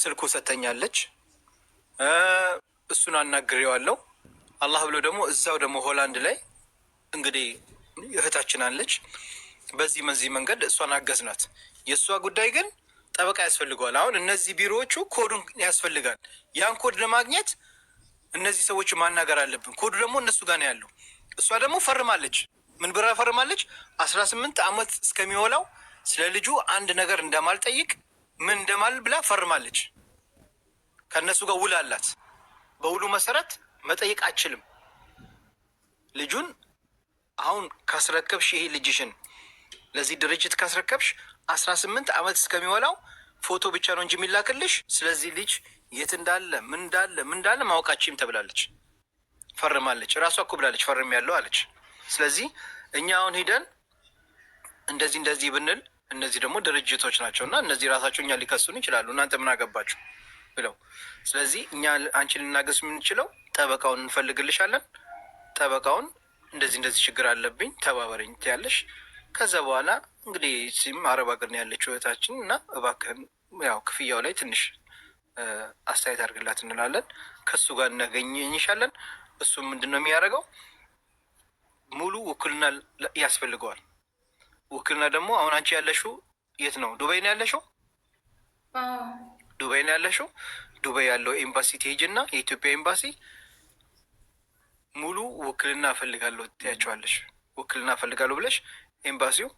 ስልኩ ሰተኛለች። እሱን አናግሬዋለሁ። አላህ ብሎ ደግሞ እዛው ደግሞ ሆላንድ ላይ እንግዲህ እህታችን አለች። በዚህ መዚህ መንገድ እሷን አገዝናት። የእሷ ጉዳይ ግን ጠበቃ ያስፈልገዋል። አሁን እነዚህ ቢሮዎቹ ኮዱን ያስፈልጋል። ያን ኮድ ለማግኘት እነዚህ ሰዎች ማናገር አለብን። ኮዱ ደግሞ እነሱ ጋር ነው ያለው። እሷ ደግሞ ፈርማለች። ምን ብራ ፈርማለች? አስራ ስምንት ዓመት እስከሚሞላው ስለ ልጁ አንድ ነገር እንደማልጠይቅ ምን እንደማል ብላ ፈርማለች። ከእነሱ ጋር ውል አላት። በውሉ መሰረት መጠየቅ አችልም። ልጁን አሁን ካስረከብሽ ይሄ ልጅሽን ለዚህ ድርጅት ካስረከብሽ አስራ ስምንት ዓመት እስከሚሞላው ፎቶ ብቻ ነው እንጂ የሚላክልሽ ስለዚህ ልጅ የት እንዳለ ምን እንዳለ ምን እንዳለ ማወቃችም ተብላለች። ፈርማለች። እራሷ እኮ ብላለች ፈርም ያለው አለች። ስለዚህ እኛ አሁን ሂደን እንደዚህ እንደዚህ ብንል እነዚህ ደግሞ ድርጅቶች ናቸው እና እነዚህ ራሳቸው እኛ ሊከሱን ይችላሉ፣ እናንተ ምን አገባችሁ ብለው። ስለዚህ እኛ አንቺ ልናገስ የምንችለው ጠበቃውን እንፈልግልሻለን፣ ጠበቃውን እንደዚህ እንደዚህ ችግር አለብኝ ተባበረኝ ትያለሽ። ከዛ በኋላ እንግዲህ ሲም አረብ ሀገር ነው ያለችው እህታችን እና እባክህን ያው ክፍያው ላይ ትንሽ አስተያየት አድርግላት እንላለን። ከሱ ጋር እናገኝሻለን። እሱም ምንድን ነው የሚያደርገው ሙሉ ውክልና ያስፈልገዋል። ውክልና ደግሞ አሁን አንቺ ያለሽው የት ነው? ዱባይ ነው ያለሽው? ዱባይ ነው ያለሽው? ዱባይ ያለው ኤምባሲ ትሄጅና የኢትዮጵያ ኤምባሲ ሙሉ ውክልና እፈልጋለሁ ትያቸዋለሽ። ውክልና እፈልጋለሁ ብለሽ ኤምባሲው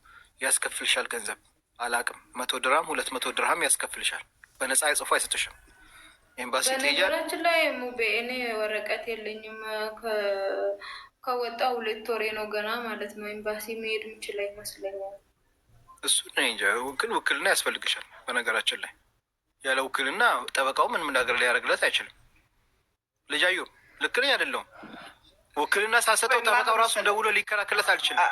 ያስከፍልሻል ገንዘብ አላቅም፣ መቶ ድርሃም ሁለት መቶ ድርሃም ያስከፍልሻል። በነፃ ጽፎ አይሰጥሽም። ኤምባሲ ትሄጃለሽ። ላይ ሙቤ እኔ ወረቀት የለኝም ከወጣ ሁለት ወሬ ነው ገና ማለት ነው። ኤምባሲ መሄድ ምችል አይመስለኛል። እሱ እንጃ ውክል ውክልና ያስፈልግሻል። በነገራችን ላይ ያለ ውክልና ጠበቃው ምንም ነገር ሊያደርግለት አይችልም። ልጃዩ ልክ ነኝ አይደለሁም? ውክልና ሳሰጠው ተመጣው ራሱ ደውሎ ሊከላከለት አልችልም።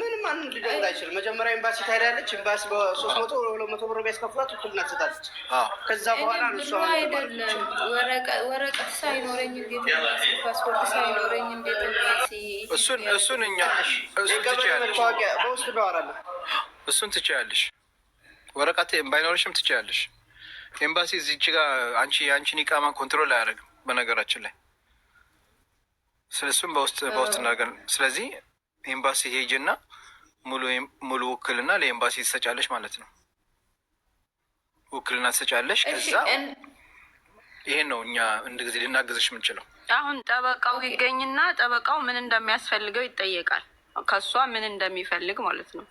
ምን ማን ሊደውል አይችልም። መጀመሪያ ኤምባሲ ታሄዳለች። ኤምባሲ በሶስት መቶ ሁለት መቶ ብር ቢያስከፍላት ውክልና ትሰጣለች። ከዛ በኋላ አይደለም ወረቀት ሳይኖረኝ እንዴት ፓስፖርት ሳይኖረኝ እንዴት እሱን እሱን እኛ እሱን በውስጥ እናወራለን። እሱን ትችያለሽ፣ ወረቀት ባይኖረሽም ትችያለሽ። ኤምባሲ እዚህ ጋር አንቺ የአንቺን ኢቃማ ኮንትሮል አያደርግም በነገራችን ላይ ስለሱም በውስጥ በውስጥ እናገር። ስለዚህ ኤምባሲ ሄጅና ሙሉ ውክልና ለኤምባሲ ትሰጫለች ማለት ነው። ውክልና ትሰጫለች። ከዛ ይሄን ነው እኛ እንድ ጊዜ ልናገዝሽ የምንችለው። አሁን ጠበቃው ይገኝና ጠበቃው ምን እንደሚያስፈልገው ይጠየቃል። ከእሷ ምን እንደሚፈልግ ማለት ነው።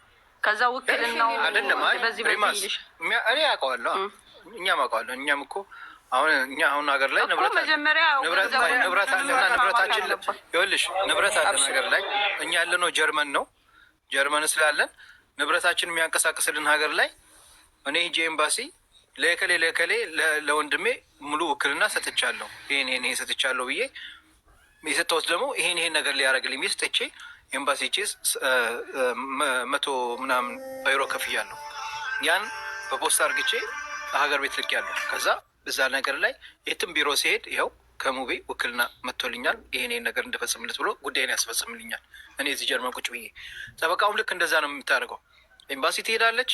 ከዛ ውክልናው አይደለም። እኔ አውቀዋለሁ፣ እኛም አውቀዋለሁ። እኛም እኮ አሁን እኛ አሁን ሀገር ላይ ንብረት ንብረት አለና ንብረታችን ይኸውልሽ ንብረት አለን ሀገር ላይ እኛ ያለነው ጀርመን ነው። ጀርመን ስላለን ንብረታችን የሚያንቀሳቅስልን ሀገር ላይ እኔ ሂጄ ኤምባሲ ለከሌ ለከሌ ለወንድሜ ሙሉ ውክልና ሰጥቻለሁ፣ ይሄን ይሄን ይሄን ሰጥቻለሁ ብዬ የሰጠሁት ደግሞ ይሄን ይሄን ነገር ሊያደርግልኝ ብዬ ሰጥቼ ኤምባሲ ቼስ መቶ ምናምን ዩሮ ከፍያለሁ። ያን በፖስታ አርግቼ ሀገር ቤት ያለሁ ከዛ እዛ ነገር ላይ የትም ቢሮ ሲሄድ ይኸው ከሙቤ ውክልና መጥቶልኛል ይሄን ነገር እንድፈጽምለት ብሎ ጉዳይን ያስፈጽምልኛል። እኔ እዚህ ጀርመን ቁጭ ብዬ ጠበቃውም ልክ እንደዛ ነው የምታደርገው። ኤምባሲ ትሄዳለች።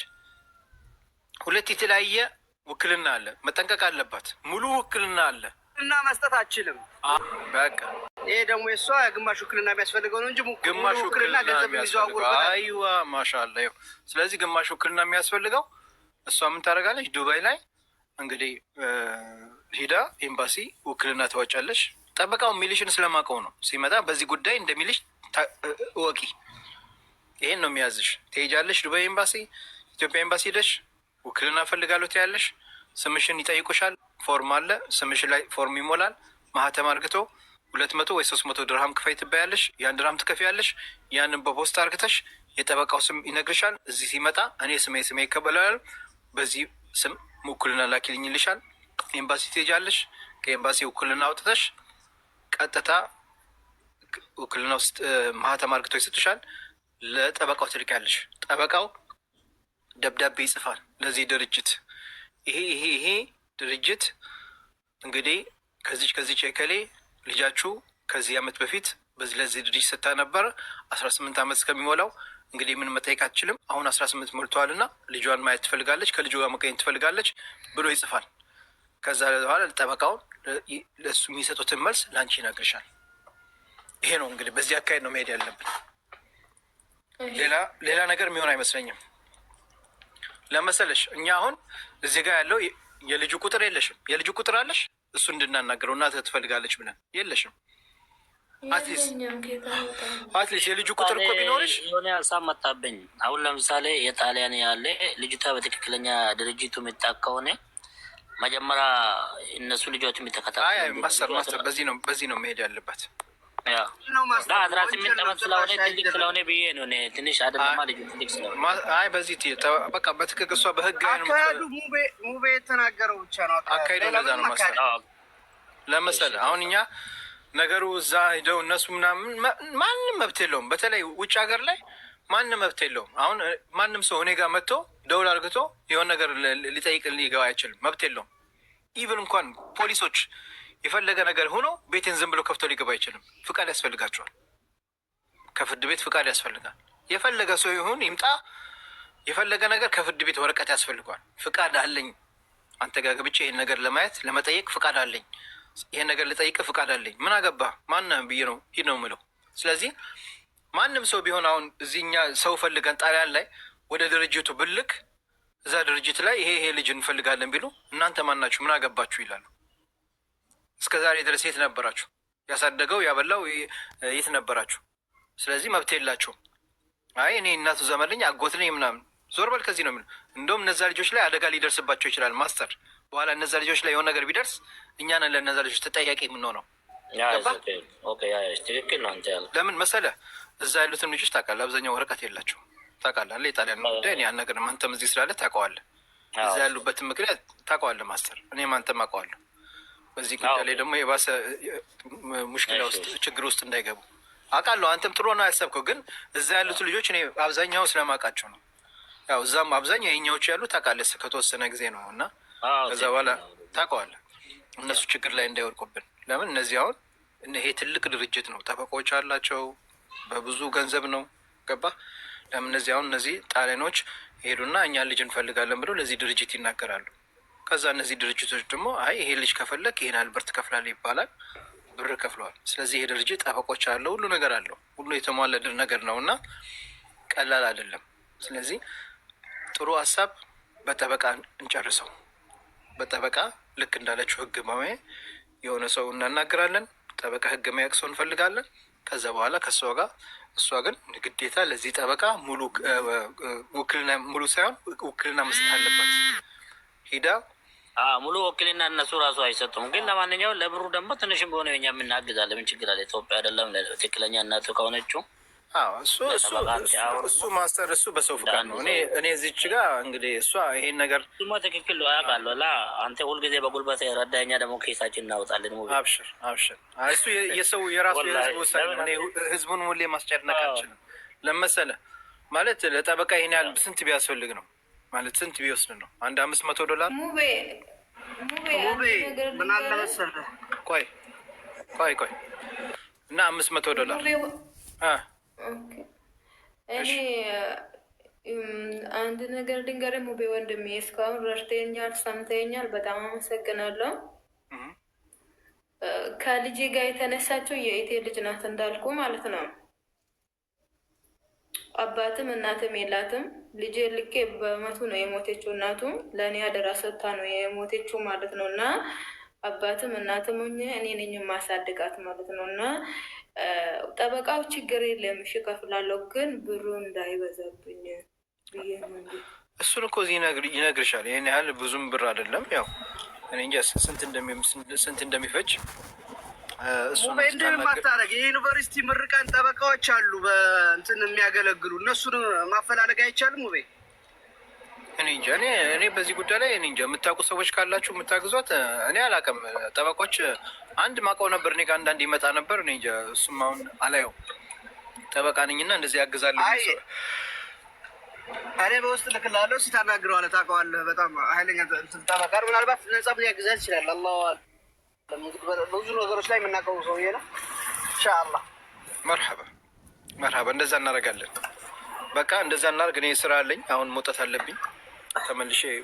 ሁለት የተለያየ ውክልና አለ፣ መጠንቀቅ አለባት። ሙሉ ውክልና አለ እና መስጠት አችልም። በቃ ይሄ ደግሞ የእሷ ግማሽ ውክልና የሚያስፈልገው ነው እንጂ ግማሽ ውክልና ገንዘብ የሚዘዋውር አይዋ ማሻላ። ስለዚህ ግማሽ ውክልና የሚያስፈልገው እሷ ምን ታደርጋለች ዱባይ ላይ እንግዲህ ሂዳ ኤምባሲ ውክልና ታወጫለች። ጠበቃው ሚሊሽን ስለማውቀው ነው ሲመጣ በዚህ ጉዳይ እንደ ሚሊሽ እወቂ፣ ይሄን ነው የሚያዝሽ። ትሄጃለሽ ዱባይ ኤምባሲ፣ ኢትዮጵያ ኤምባሲ ሄደሽ ውክልና ፈልጋለሁ ትያለሽ። ስምሽን ይጠይቁሻል። ፎርም አለ፣ ስምሽ ላይ ፎርም ይሞላል። ማህተም አርግቶ ሁለት መቶ ወይ ሶስት መቶ ድርሃም ክፈይ ትባያለሽ። ያን ድርሃም ትከፍያለሽ። ያንን በፖስት አርግተሽ የጠበቃው ስም ይነግርሻል። እዚህ ሲመጣ እኔ ስሜ ስሜ ይከበላል በዚህ ስም ውክልና ላኪልኝ ይልሻል። ኤምባሲ ትሄጃለሽ። ከኤምባሲ ውክልና አውጥተሽ ቀጥታ ውክልና ውስጥ ማህተም አርግቶ ይሰጥሻል። ለጠበቃው ትልኪያለሽ። ጠበቃው ደብዳቤ ይጽፋል ለዚህ ድርጅት ይሄ ይሄ ይሄ ድርጅት እንግዲህ ከዚች ከዚች የከሌ ልጃችሁ ከዚህ አመት በፊት በዚህ ለዚህ ድርጅት ሰታ ነበር አስራ ስምንት አመት እስከሚሞላው እንግዲህ ምን መጠየቅ አትችልም። አሁን አስራ ስምንት ሞልተዋል ልጇን ማየት ትፈልጋለች፣ ከልጇ ጋር መገኘት ትፈልጋለች ብሎ ይጽፋል። ከዛ በኋላ ጠበቃውን ለእሱ የሚሰጡትን መልስ ለአንቺ ይነግርሻል። ይሄ ነው እንግዲህ በዚህ አካሄድ ነው መሄድ ያለብን። ሌላ ነገር የሚሆን አይመስለኝም። ለመሰለሽ እኛ አሁን እዚህ ጋር ያለው የልጁ ቁጥር የለሽም። የልጁ ቁጥር አለሽ እሱ እንድናናገረው እናትህ ትፈልጋለች ብለን የለሽም አትሊስት የልጁ ቁጥር እኮ ቢኖርሽ የሆነ ሀሳብ መጣብኝ። አሁን ለምሳሌ የጣሊያን ያለ ልጅቷ በትክክለኛ ድርጅቱ የሚጣ ከሆነ መጀመሪያ እነሱ ልጆች የሚተከታተል ማስተር በዚህ ነው በዚህ ነው መሄድ ያለበት። አስራ ስምንት ዓመት ስለሆነ ትልቅ ስለሆነ ብዬ ነው ትንሽ አደማ ልጅ ትልቅ ስለሆነ አይ በዚህ በቃ በትክክል እሷ በህግ ሙቤ የተናገረው ብቻ ነው አካሄዱ ለዛ ነው መሰለህ ለመሰለህ አሁን እኛ ነገሩ እዛ ሄደው እነሱ ምናምን ማንም መብት የለውም። በተለይ ውጭ ሀገር ላይ ማንም መብት የለውም። አሁን ማንም ሰው እኔ ጋር መጥቶ ደውል አድርግቶ የሆን ነገር ሊጠይቅ ሊገባ አይችልም። መብት የለውም። ኢቨን እንኳን ፖሊሶች የፈለገ ነገር ሆኖ ቤቴን ዝም ብሎ ከፍቶ ሊገባ አይችልም። ፍቃድ ያስፈልጋቸዋል። ከፍርድ ቤት ፍቃድ ያስፈልጋል። የፈለገ ሰው ይሁን ይምጣ፣ የፈለገ ነገር ከፍርድ ቤት ወረቀት ያስፈልገዋል። ፍቃድ አለኝ አንተ ጋር ገብቼ ይህን ነገር ለማየት ለመጠየቅ ፍቃድ አለኝ ይሄን ነገር ልጠይቅ ፍቃድ አለኝ። ምን አገባህ ማነህ ብዬ ነው ሂድ ነው የምለው። ስለዚህ ማንም ሰው ቢሆን አሁን እዚህ እኛ ሰው ፈልገን ጣሊያን ላይ ወደ ድርጅቱ ብልክ እዛ ድርጅት ላይ ይሄ ይሄ ልጅ እንፈልጋለን ቢሉ እናንተ ማናችሁ ምን አገባችሁ ይላሉ። እስከ ዛሬ ድረስ የት ነበራችሁ? ያሳደገው ያበላው የት ነበራችሁ? ስለዚህ መብት የላቸውም። አይ እኔ እናቱ ዘመድኝ አጎት ነኝ ምናምን ዞር በል ከዚህ ነው የሚለው። እንደውም እነዛ ልጆች ላይ አደጋ ሊደርስባቸው ይችላል ማስተር በኋላ እነዛ ልጆች ላይ የሆነ ነገር ቢደርስ ነን ለእነዛ ልጆች ተጠያቂ የምንሆነው ትክክል ነው። አንተ ለምን እዛ ያሉትን ልጆች ታውቃለህ፣ አብዛኛው ወረቀት የላቸው ታውቃለህ። የጣሊያን ጉዳይ ያን ነገር አንተም እዚህ ስላለ ታውቀዋለህ። እዛ ያሉበትን ምክንያት ታውቀዋለህ። ማስተር እኔም አንተም አውቀዋለሁ። በዚህ ጉዳይ ላይ ደግሞ የባሰ ሙሽኪላ ውስጥ ችግር ውስጥ እንዳይገቡ አውቃለሁ። አንተም ጥሩ ነው ያሰብከው፣ ግን እዛ ያሉት ልጆች እኔ አብዛኛው ስለማውቃቸው ነው። ያው እዛም አብዛኛው የኛዎች ያሉት ታውቃለህ፣ ከተወሰነ ጊዜ ነው እና ከዛ በኋላ ታውቀዋለህ እነሱ ችግር ላይ እንዳይወድቁብን። ለምን እነዚህ አሁን ይሄ ትልቅ ድርጅት ነው፣ ጠበቆች አላቸው፣ በብዙ ገንዘብ ነው። ገባ ለምን እነዚህ አሁን እነዚህ ጣሊያኖች ሄዱና እኛ ልጅ እንፈልጋለን ብለው ለዚህ ድርጅት ይናገራሉ። ከዛ እነዚህ ድርጅቶች ደግሞ አይ ይሄ ልጅ ከፈለግ ይሄን አልበርት ብር ትከፍላለህ ይባላል። ብር ከፍለዋል። ስለዚህ ይሄ ድርጅት ጠበቆች አለው፣ ሁሉ ነገር አለው፣ ሁሉ የተሟላ ነገር ነው እና ቀላል አይደለም። ስለዚህ ጥሩ ሀሳብ በጠበቃ እንጨርሰው። በጠበቃ ልክ እንዳለችው ህግ ማመ የሆነ ሰው እናናግራለን። ጠበቃ ህግ ማያቅ ሰው እንፈልጋለን። ከዛ በኋላ ከእሷ ጋር እሷ ግን ግዴታ ለዚህ ጠበቃ ሙሉ ውክልና ሙሉ ሳይሆን ውክልና መስጠት አለባት። ሂዳ ሙሉ ውክልና እነሱ ራሱ አይሰጡም። ግን ለማንኛውም ለብሩ ደግሞ ትንሽም በሆነ የኛ የምናግዛለን። ምን ችግር አለ? ኢትዮጵያ አይደለም ትክክለኛ እናቱ ከሆነችው እሱ ማስተር እሱ በሰው ፍቃድ ነው። እኔ እኔ እዚች ጋ እንግዲህ እሷ ይሄን ነገር ትክክል አውቃለሁ። ላ አንተ ሁልጊዜ በጉልበት ረዳኛ ደግሞ ኬሳችን እናወጣለን። ሙ አብሽር አብሽር። እሱ የሰው የራሱ የህዝቡ ውሳኔ ህዝቡን ሁሌ ማስጨነቅ አልችልም። ለመሰለ ማለት ለጠበቃ ይሄን ያህል ስንት ቢያስፈልግ ነው ማለት ስንት ቢወስድ ነው? አንድ አምስት መቶ ዶላር ቆይ ቆይ ቆይ እና አምስት መቶ ዶላር እኔ አንድ ነገር ድንገር ሙቤ ወንድሜ እስካሁን ረድተኛል፣ ሰምተኛል። በጣም አመሰግናለሁ። ከልጅ ጋር የተነሳቸው የኢቴ ልጅ ናት እንዳልኩ ማለት ነው። አባትም እናትም የላትም። ልጄ ልኬ በመቱ ነው የሞቴችው። እናቱ ለእኔ አደራ ሰጥታ ነው የሞቴችው ማለት ነው እና አባትም እናትም ሆኜ እኔ ነኝ ማሳድጋት ማለት ነው። እና ጠበቃው ችግር የለም እሺ እከፍላለሁ፣ ግን ብሩ እንዳይበዛብኝ ብዬ እሱን እኮ እዚህ ይነግርሻል። ይህን ያህል ብዙም ብር አይደለም። ያው እኔ ስንት እንደሚፈጅ እንድንም ማታረግ የዩኒቨርሲቲ ምርቃን ጠበቃዎች አሉ በእንትን የሚያገለግሉ እነሱን ማፈላለግ አይቻልም ውቤ እኔ እንጃ እኔ በዚህ ጉዳይ ላይ እኔ እንጃ የምታውቁ ሰዎች ካላችሁ የምታግዟት። እኔ አላውቅም። ጠበቆች አንድ ማውቀው ነበር እኔ ጋር አንዳንድ ይመጣ ነበር። እኔ እንጃ እሱም አሁን አላየው ጠበቃ ነኝና እንደዚህ ያግዛለሁ። እኔ በውስጥ ልክላለሁ። ሲታናግረዋለ ታውቀዋለህ። በጣም ኃይለኛ ጠበቃ ምናልባት ነጻም ሊያግዛ ይችላል። አላሁ ብዙ ነገሮች ላይ የምናውቀው ሰውዬ ነው። እንሻአላ መርሐባ መርሐባ፣ እንደዛ እናደርጋለን። በቃ እንደዛ እናደርግ። እኔ ስራ አለኝ አሁን መውጣት አለብኝ። ተመልሼ